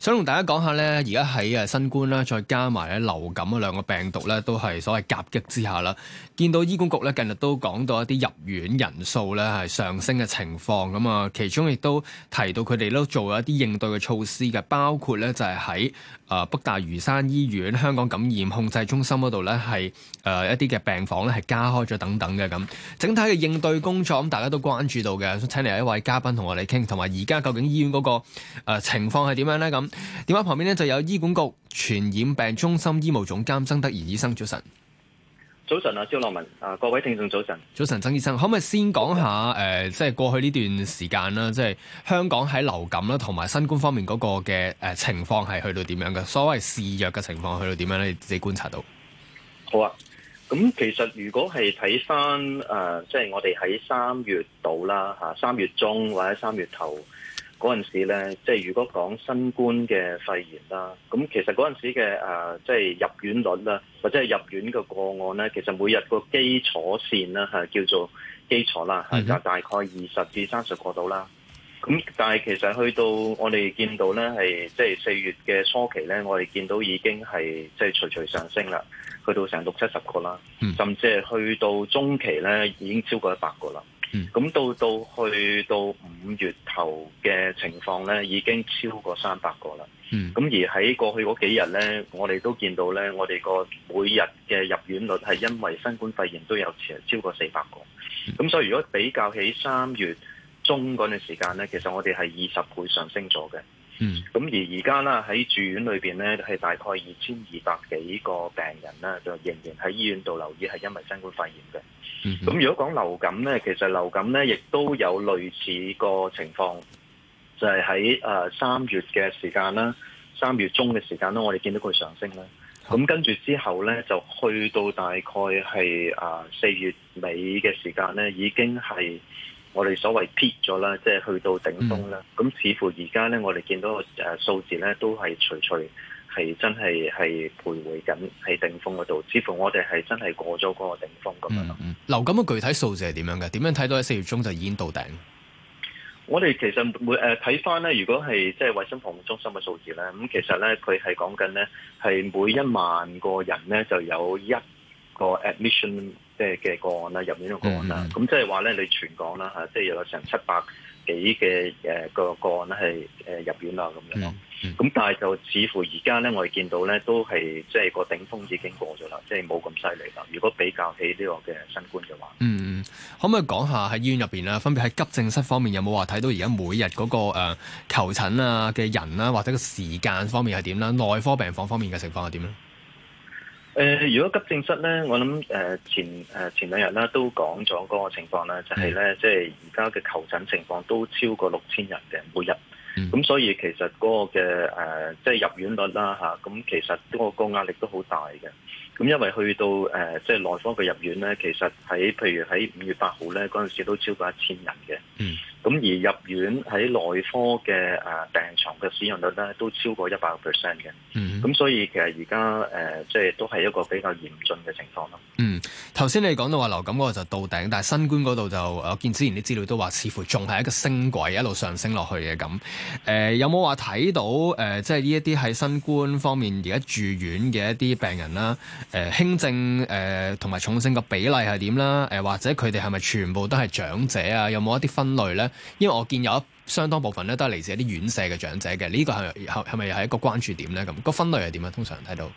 想同大家講下咧，而家喺新冠啦，再加埋咧流感嗰兩個病毒咧，都係所謂夾擊之下啦。見到醫管局咧近日都講到一啲入院人數咧係上升嘅情況咁啊，其中亦都提到佢哋都做咗一啲應對嘅措施嘅，包括咧就係喺誒北大嶼山醫院、香港感染控制中心嗰度咧，係、呃、誒一啲嘅病房咧，係加開咗等等嘅咁。整體嘅應對工作，大家都關注到嘅。請嚟一位嘉賓同我哋傾，同埋而家究竟醫院嗰、嗰個、呃、情況係點樣呢？咁電話旁邊呢就有醫管局傳染病中心醫務總監曾德賢醫生神，早晨。早晨啊，焦樂文啊，各位聽眾早晨。早晨，曾醫生，可唔可以先講下誒，即係的、呃就是、過去呢段時間啦，即、就、係、是、香港喺流感啦同埋新冠方面嗰個嘅誒情況係去到點樣嘅？所謂肆虐嘅情況是去到點樣咧？你自己觀察到。好啊，咁其實如果係睇翻誒，即、呃、係、就是、我哋喺三月度啦，嚇、啊、三月中或者三月頭。嗰陣時咧，即係如果講新冠嘅肺炎啦，咁其實嗰陣時嘅即係入院率啦，或者入院嘅個案咧，其實每日個基礎線啦、啊，叫做基礎啦，就的大概二十至三十個度啦。咁但係其實去到我哋見到咧，係即係四月嘅初期咧，我哋見到已經係即係徐徐上升啦，去到成六七十個啦，嗯、甚至去到中期咧已經超過一百個啦。咁到、嗯、到去到五月頭嘅情況咧，已經超過三百個啦。咁、嗯、而喺過去嗰幾日咧，我哋都見到咧，我哋個每日嘅入院率係因為新冠肺炎都有超超過四百個。咁、嗯、所以如果比較起三月中嗰段時間咧，其實我哋係二十倍上升咗嘅。嗯，咁而而家啦喺住院裏邊咧，係大概二千二百幾個病人啦，就仍然喺醫院度留意，係因為新冠肺炎嘅。咁、嗯嗯、如果講流感咧，其實流感咧亦都有類似個情況，就係喺誒三月嘅時間啦，三月中嘅時間咧，我哋見到佢上升啦。咁、嗯、跟住之後咧，就去到大概係誒四月尾嘅時間咧，已經係。我哋所謂 peak 咗啦，即係去到頂峰啦。咁、嗯、似乎而家咧，我哋見到誒數字咧，都係徐徐係真係係徘徊緊喺頂峰嗰度。似乎我哋係真係過咗嗰個頂峰咁樣咯。嗱、嗯，流感、嗯、嘅具體數字係點樣嘅？點樣睇到喺四月中就已經到頂？我哋其實每誒睇返咧，如果係即係衞生防護中心嘅數字咧，咁其實咧佢係講緊咧係每一萬個人咧就有一個 admission。即係嘅個案啦，入院嘅個案啦，咁即係話咧，嗯、你全港啦嚇，即係有成七百幾嘅誒個個案係誒入院啦咁樣。咁、嗯嗯、但係就似乎而家咧，我哋見到咧都係即係個頂峰已經過咗啦，即係冇咁犀利啦。如果比較起呢個嘅新冠嘅話，嗯嗯，可唔可以講下喺醫院入邊啦，分別喺急症室方面有冇話睇到而家每日嗰、個、呃、求診啊嘅人啦，或者個時間方面係點啦？內科病房方面嘅情況係點咧？誒、呃，如果急症室咧，我諗誒前誒、呃前、呃、前兩日啦，都講咗嗰個情況啦，嗯、就係咧，即係而家嘅求診情況都超過六千人嘅每日，咁、嗯、所以其實嗰個嘅誒即係入院率啦、啊、吓，咁、啊、其實嗰、這個壓力都好大嘅，咁因為去到誒即係內科嘅入院咧，其實喺譬如喺五月八號咧嗰陣時都超過一千人嘅。嗯，咁而入院喺內科嘅病床嘅使用率咧，都超過一百個 percent 嘅。嗯，咁所以其實而家、呃、即係都係一個比較嚴峻嘅情況咯。嗯，頭先你講到話流感嗰個就到頂，但係新冠嗰度就我見之前啲資料都話似乎仲係一個升軌，一路上升落去嘅咁。誒、呃、有冇話睇到誒、呃、即係呢一啲喺新冠方面而家住院嘅一啲病人啦，誒、呃、輕症誒同埋重症嘅比例係點啦？誒、呃、或者佢哋係咪全部都係長者啊？有冇一啲分？分類咧，因為我見有相當部分咧，都係嚟自一啲院舍嘅長者嘅，呢、這個係係係咪又係一個關注點咧？咁、那個分類係點啊？通常睇到，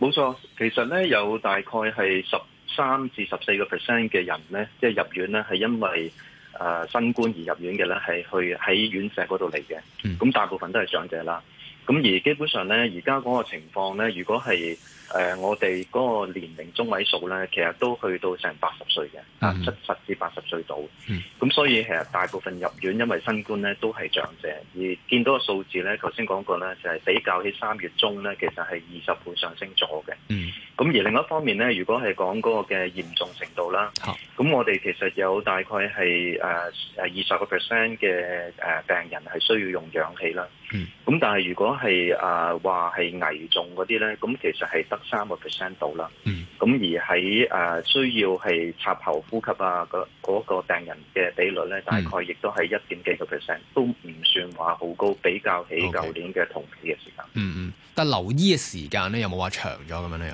冇錯，其實咧有大概係十三至十四個 percent 嘅人咧，即係入院咧係因為誒、呃、新冠而入院嘅咧，係去喺院舍嗰度嚟嘅。咁、嗯、大部分都係長者啦。咁而基本上咧，而家嗰個情況咧，如果係。誒、呃，我哋嗰個年齡中位數咧，其實都去到成八十歲嘅，mm hmm. 啊七十至八十歲到。咁、mm hmm. 嗯、所以其實大部分入院因為新冠咧都係長者，而見到個數字咧，頭先講過咧就係、是、比較起三月中咧，其實係二十倍上升咗嘅。咁、mm hmm. 而另一方面咧，如果係講嗰個嘅嚴重程度啦，咁、oh. 我哋其實有大概係誒誒二十個 percent 嘅病人係需要用氧氣啦。咁、mm hmm. 但係如果係啊話係危重嗰啲咧，咁其實係得。三個 percent 度啦，咁、嗯、而喺誒需要係插喉呼吸啊，嗰個病人嘅比率咧，大概亦、嗯、都係一點幾個 percent，都唔算話好高，比較起舊年嘅同期嘅時間。嗯嗯，但係留醫嘅時間咧，有冇話長咗咁樣咧？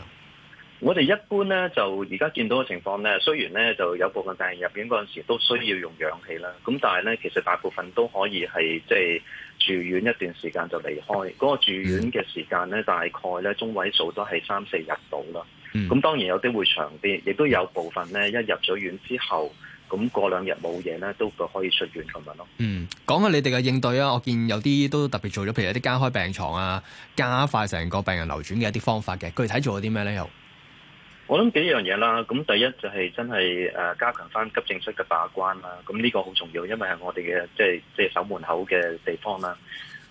我哋一般咧，就而家見到嘅情況咧，雖然咧就有部分病人入院嗰陣時都需要用氧氣啦，咁但係咧，其實大部分都可以係即係。住院一段時間就離開，嗰個住院嘅時間咧，大概咧中位數都係三四日到啦。咁、嗯、當然有啲會長啲，亦都有部分咧一入咗院之後，咁過兩日冇嘢咧都可以出院咁樣咯。嗯，講下你哋嘅應對啊！我見有啲都特別做咗，譬如一啲加開病床啊，加快成個病人流轉嘅一啲方法嘅，具體做咗啲咩咧又？我諗幾樣嘢啦，咁第一就係真係誒加強翻急症室嘅把關啦，咁呢個好重要，因為係我哋嘅即係即係守門口嘅地方啦。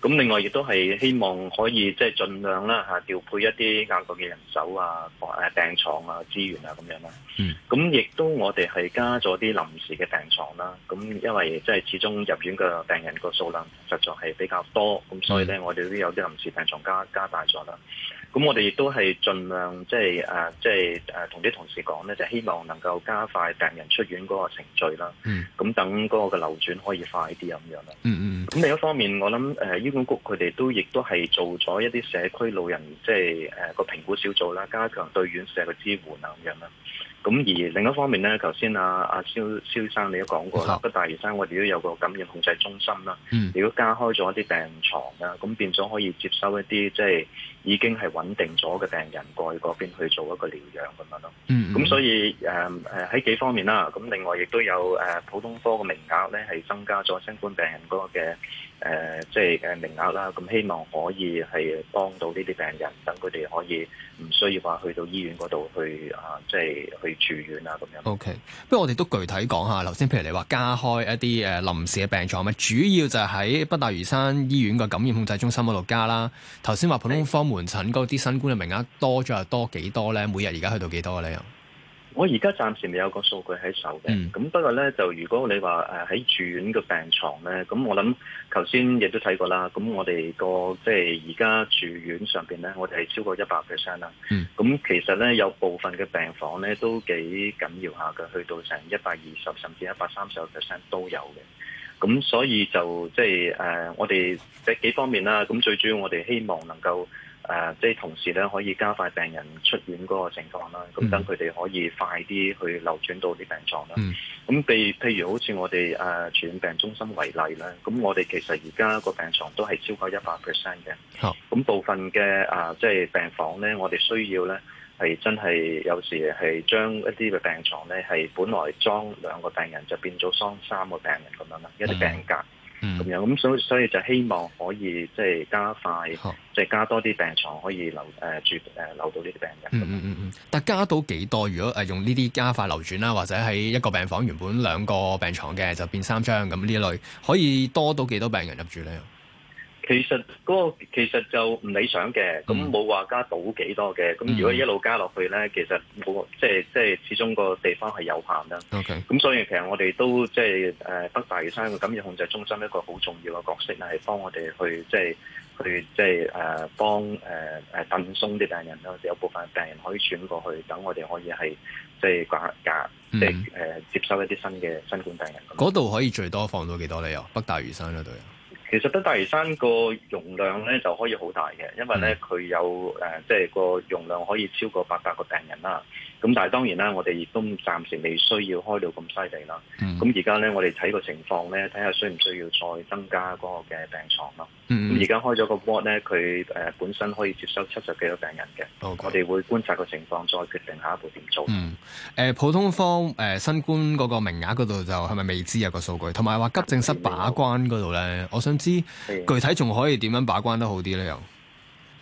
咁另外亦都係希望可以即係儘量啦嚇調配一啲額外嘅人手啊、房病床啊、資源啊咁樣啦、嗯。咁亦都我哋係加咗啲臨時嘅病床啦。咁因為即係始終入院嘅病人個數量實在係比較多，咁所以咧我哋都有啲臨時病床加加大咗啦。咁我哋亦都係儘量即係即係同啲同事講咧，就希望能夠加快病人出院嗰個程序啦、啊嗯。咁等嗰個嘅流轉可以快啲咁樣啦。嗯嗯咁另一方面我，我、呃、諗佢哋都亦都係做咗一啲社區老人，即係個個評估小組啦，加強對院舍嘅支援啊咁樣啦。咁而另一方面咧，頭先啊啊啊蕭蕭生你都講過啦，個好大嶼山我哋都有個感染控制中心啦。嗯、如果加開咗一啲病床啦，咁變咗可以接收一啲即係已經係穩定咗嘅病人過去嗰邊去做一個療養咁樣咯。嗯。咁所以誒誒喺幾方面啦，咁另外亦都有誒普通科嘅名額咧，係增加咗新冠病人嗰個嘅誒即係名額啦。咁希望可以係幫到呢啲病人，等佢哋可以唔需要話去到醫院嗰度去啊，即係去。住院啊，咁樣。OK，不過我哋都具體講下，頭先譬如你話加開一啲誒臨時嘅病床啊，主要就係喺北大嶼山醫院個感染控制中心嗰度加啦。頭先話普通科門診嗰啲新冠嘅名額多咗又多幾多咧？每日而家去到幾多咧？我而家暫時未有個數據喺手嘅，咁、嗯、不過咧就如果你話誒喺住院嘅病床咧，咁我諗頭先亦都睇過啦，咁我哋個即係而家住院上邊咧，我哋係超過一百 percent 啦。咁、嗯、其實咧有部分嘅病房咧都幾緊要下嘅，去到成一百二十甚至一百三十 percent 都有嘅。咁所以就即係誒、呃、我哋喺幾方面啦，咁最主要我哋希望能夠。誒、呃，即係同時咧，可以加快病人出院嗰個情況啦，咁等佢哋可以快啲去流轉到啲病床啦。咁、嗯、譬如譬如，好似我哋誒傳染病中心為例啦，咁我哋其實而家個病床都係超過一百 percent 嘅。咁好部分嘅誒，即、呃、係、就是、病房咧，我哋需要咧，係真係有時係將一啲嘅病床咧，係本來裝兩個病人，就變咗裝三個病人咁樣啦，一啲病格。嗯嗯，咁樣，咁所所以就希望可以即係加快，即係加多啲病床，可以留誒住誒留到呢啲病人。嗯嗯嗯，但加到幾多？如果誒用呢啲加快流轉啦，或者喺一個病房原本兩個病床嘅，就變三張咁呢類，可以多到幾多病人入住咧？其實嗰、那個、其實就唔理想嘅，咁冇話加到幾多嘅，咁、嗯、如果一路加落去咧，其實冇即係即係始終個地方係有限啦。咁 Okay.、嗯、所以其實我哋都即係誒、呃、北大嶼山個感染控制中心一個好重要嘅角色咧，係幫我哋去即係去即係誒、呃、幫誒誒鬆啲病人啦，有部分病人可以轉過去，等我哋可以係即係掛架，即係、呃、接收一啲新嘅新冠病人。嗰度、嗯、可以最多放到幾多咧？由？北大嶼山嗰度？其實得大嶼山個容量咧就可以好大嘅，因為咧佢有誒，即係個容量可以超過八百個病人啦。咁但係當然啦，我哋亦都暫時未需要開到咁犀利啦。咁而家咧，我哋睇個情況咧，睇下需唔需要再增加嗰個嘅病床啦。咁而家開咗個 ward 咧，佢本身可以接收七十幾個病人嘅。Okay 我哋會觀察個情況，再決定下一步點做。嗯呃。普通科、呃、新冠嗰個名額嗰度就係咪未知有、啊、個數據？同埋話急症室把關嗰度咧，我想知具體仲可以點樣把關得好啲咧？又？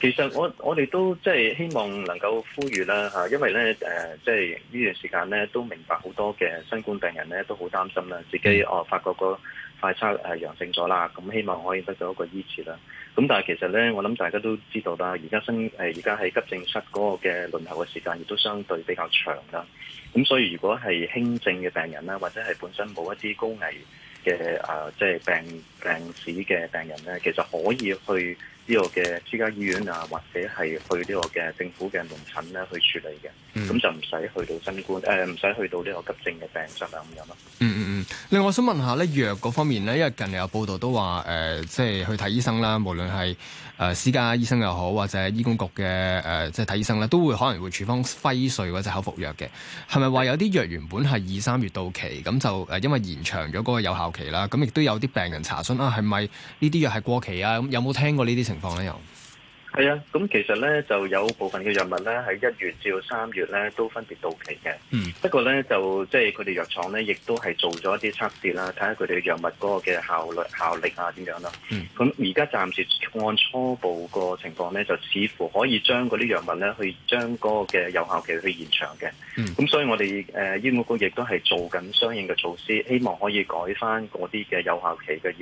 其實我我哋都即係希望能夠呼籲啦，因為咧誒，即係呢段時間咧都明白好多嘅新冠病人咧都好擔心啦，自己哦發覺個快測係陽性咗啦，咁、嗯、希望可以得到一個醫治啦。咁但係其實咧，我諗大家都知道啦，而家新誒而家喺急症室嗰個嘅輪候嘅時間亦都相對比較長啦。咁所以如果係輕症嘅病人啦，或者係本身冇一啲高危嘅誒，即係病病史嘅病人咧，其實可以去。呢個嘅私家醫院啊，或者係去呢個嘅政府嘅門診咧去處理嘅，咁就唔使去到新冠，誒唔使去到呢個急症嘅病室啦咁樣咯。嗯嗯嗯，另外我想問一下咧藥嗰方面咧，因為近日有報道都話誒、呃，即係去睇醫生啦，無論係誒私家醫生又好，或者醫管局嘅誒、呃、即係睇醫生咧，都會可能會處方輝瑞或者口服藥嘅。係咪話有啲藥原本係二三月到期，咁就誒因為延長咗嗰個有效期啦，咁亦都有啲病人查詢啊，係咪呢啲藥係過期啊？咁有冇聽過呢啲情況？係啊，咁其實咧就有部分嘅藥物咧喺一月至到三月咧都分別到期嘅。嗯，不過咧就即係佢哋藥廠咧亦都係做咗一啲測試啦，睇下佢哋藥物嗰個嘅效率、效力啊點樣咯。嗯，咁而家暫時按初步個情況咧，就似乎可以將嗰啲藥物咧去將嗰個嘅有效期去延長嘅。嗯，咁所以我哋誒醫管局亦都係做緊相應嘅措施，希望可以改翻嗰啲嘅有效期嘅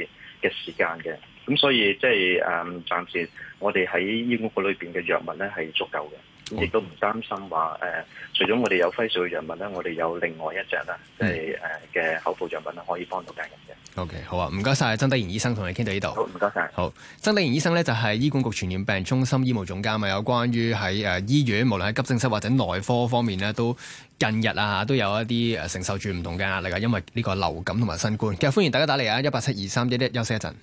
嘅時間嘅。咁所以即係誒暫時，我哋喺醫管局裏邊嘅藥物咧係足夠嘅，亦都唔擔心話誒。除咗我哋有輝瑞嘅藥物咧，我哋有另外一隻啦，即係誒嘅口服藥品啦，可以幫到病人嘅。O、okay, K，好啊，唔該晒。曾德賢醫生同你傾到呢度。好，唔該晒。好，曾德賢醫生咧就係醫管局傳染病中心醫務總監，咪有關於喺誒醫院，無論喺急症室或者內科方面咧，都近日啊都有一啲誒承受住唔同嘅壓力啊，因為呢個流感同埋新冠。其實歡迎大家打嚟啊，23, 一八七二三一一休息一陣。